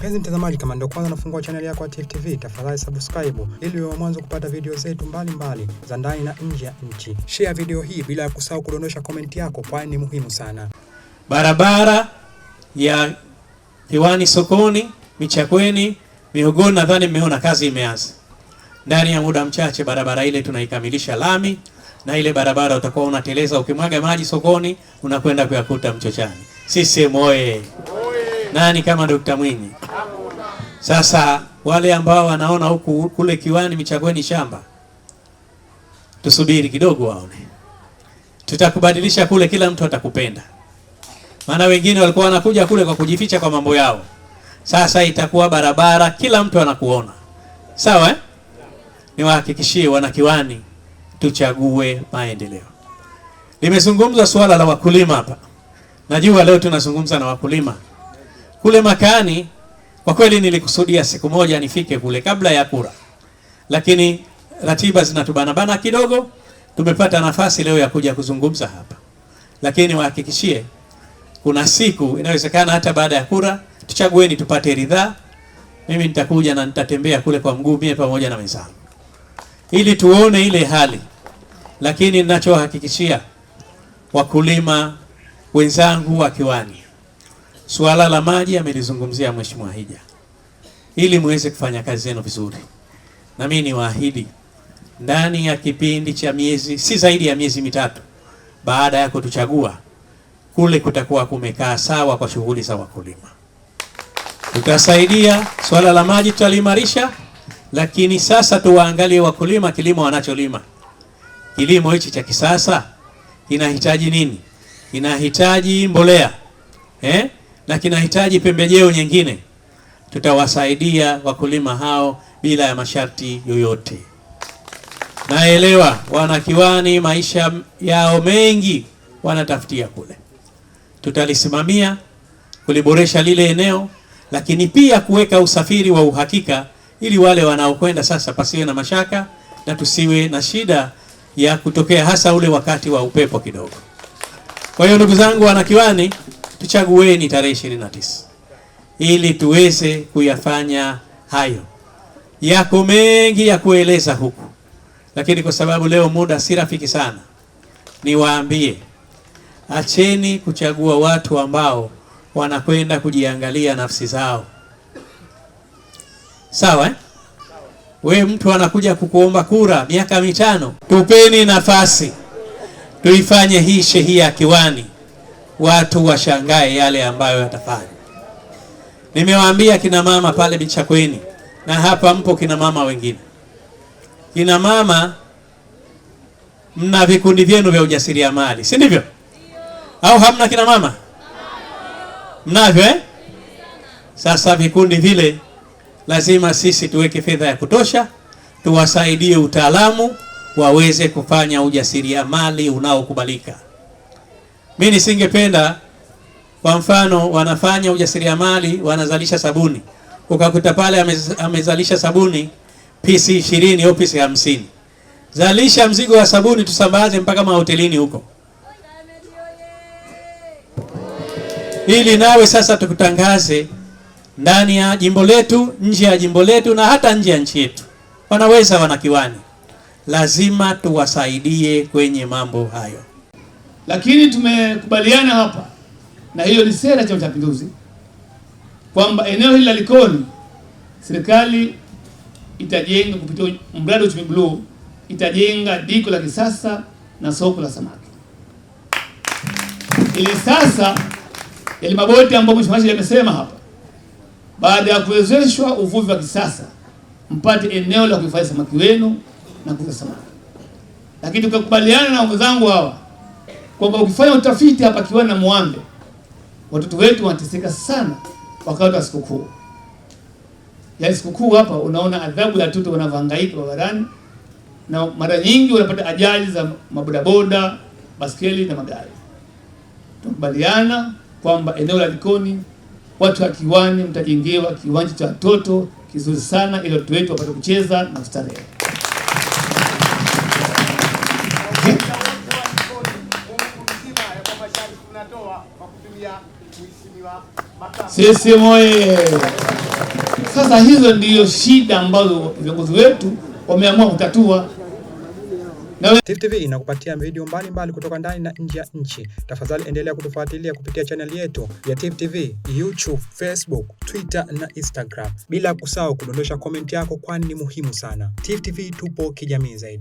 Mpenzi mtazamaji, kama ndio kwanza nafungua chaneli yako ya Tifu TV, tafadhali subscribe ili uwe mwanzo kupata video zetu mbalimbali za ndani na nje ya nchi. Share video hii bila ya kusahau kudondosha komenti yako, kwani ni muhimu sana. Barabara ya Kiwani Sokoni, Michakweni, Miogoni, nadhani mmeona kazi imeanza. Ndani ya muda mchache barabara ile tunaikamilisha lami, na ile barabara utakuwa unateleza ukimwaga maji sokoni unakwenda kuyakuta Mchochani. Sisi moye nani kama Dr. Mwinyi? Sasa wale ambao wanaona huku kule kiwani Michagweni shamba, tusubiri kidogo waone, tutakubadilisha kule, kila mtu atakupenda. Maana wengine walikuwa wanakuja kule kwa kujificha kwa mambo yao, sasa itakuwa barabara, kila mtu anakuona. Sawa eh? Niwahakikishie wanakiwani, tuchague maendeleo. Nimezungumza suala la wakulima hapa, najua leo tunazungumza na wakulima kule Makani. Kwa kweli nilikusudia siku moja nifike kule kabla ya kura, lakini ratiba zinatubanabana kidogo. Tumepata nafasi leo ya kuja kuzungumza hapa, lakini wahakikishie kuna siku inawezekana hata baada ya kura, tuchagueni tupate ridhaa. Mimi nitakuja na nitatembea kule kwa mguu mie pamoja na wenzangu, ili tuone ile hali. Lakini ninachohakikishia wakulima wenzangu wa Kiwani Suala la maji amelizungumzia Mheshimiwa Hija, ili muweze kufanya kazi zenu vizuri, na mimi niwaahidi ndani ya kipindi cha miezi si zaidi ya miezi mitatu baada ya kutuchagua kule kutakuwa kumekaa sawa kwa shughuli za wakulima. Tutasaidia swala la maji tutaliimarisha, lakini sasa tuwaangalie wakulima, kilimo wanacholima, kilimo hichi cha kisasa kinahitaji nini? Kinahitaji mbolea eh? na kinahitaji pembejeo nyingine, tutawasaidia wakulima hao bila ya masharti yoyote. Naelewa wanakiwani maisha yao mengi wanatafutia kule, tutalisimamia kuliboresha lile eneo, lakini pia kuweka usafiri wa uhakika ili wale wanaokwenda sasa pasiwe na mashaka na tusiwe na shida ya kutokea hasa ule wakati wa upepo kidogo. Kwa hiyo ndugu zangu wanakiwani tuchagueni tarehe 29 ili tuweze kuyafanya hayo. Yako mengi ya kueleza huku, lakini kwa sababu leo muda si rafiki sana, niwaambie acheni kuchagua watu ambao wanakwenda kujiangalia nafsi zao. Sawa eh? We mtu anakuja kukuomba kura miaka mitano, tupeni nafasi tuifanye hii shehia Kiwani watu washangae yale ambayo yatafanya. Nimewaambia kina mama pale Michakweni na hapa mpo kina mama wengine. Kina mama mna vikundi vyenu vya ujasiriamali, si ndivyo? Au hamna kina mama? Mnavyo eh? Sasa vikundi vile lazima sisi tuweke fedha ya kutosha, tuwasaidie utaalamu waweze kufanya ujasiriamali unaokubalika mi nisingependa kwa mfano, wanafanya ujasiriamali, wanazalisha sabuni, ukakuta pale amezalisha sabuni pisi ishirini au PC hamsini. Zalisha mzigo wa sabuni tusambaze mpaka mahotelini huko, ili nawe sasa tukutangaze ndani ya jimbo letu, nje ya jimbo letu, na hata nje ya nchi yetu. Wanaweza wanakiwani, lazima tuwasaidie kwenye mambo hayo. Lakini tumekubaliana hapa na hiyo ni sera Chama cha Mapinduzi kwamba eneo hili la Likoni serikali itajenga kupitia mradi wa uchumi bluu, itajenga diko la kisasa na soko la samaki ili sasa yale maboti ambayo mheshimiwa amesema hapa, baada ya kuwezeshwa uvuvi wa kisasa, mpate eneo la kuhifadhi samaki wenu na kuuza samaki. Lakini tukakubaliana na wenzangu hawa kwamba ukifanya utafiti hapa Kiwani na Muambe, watoto wetu wanateseka sana wakati wa sikukuu. Yaani sikukuu hapa unaona adhabu ya watoto wanavyohangaika barabarani, na mara nyingi wanapata ajali za mabodaboda, baskeli na magari. Tunakubaliana kwamba eneo la Likoni, watu wa Kiwani mtajengewa kiwanja cha watoto kizuri sana, ili watoto wetu wapate kucheza na kustarehe. Sisi moye. Sasa hizo ndiyo shida ambazo viongozi wetu wameamua kutatua. Tifu TV inakupatia video mbalimbali kutoka ndani na nje ya nchi. Tafadhali endelea kutufuatilia kupitia chaneli yetu ya Tifu TV, YouTube, Facebook, Twitter na Instagram, bila kusahau kudondosha komenti yako, kwani ni muhimu sana. Tifu TV tupo kijamii zaidi.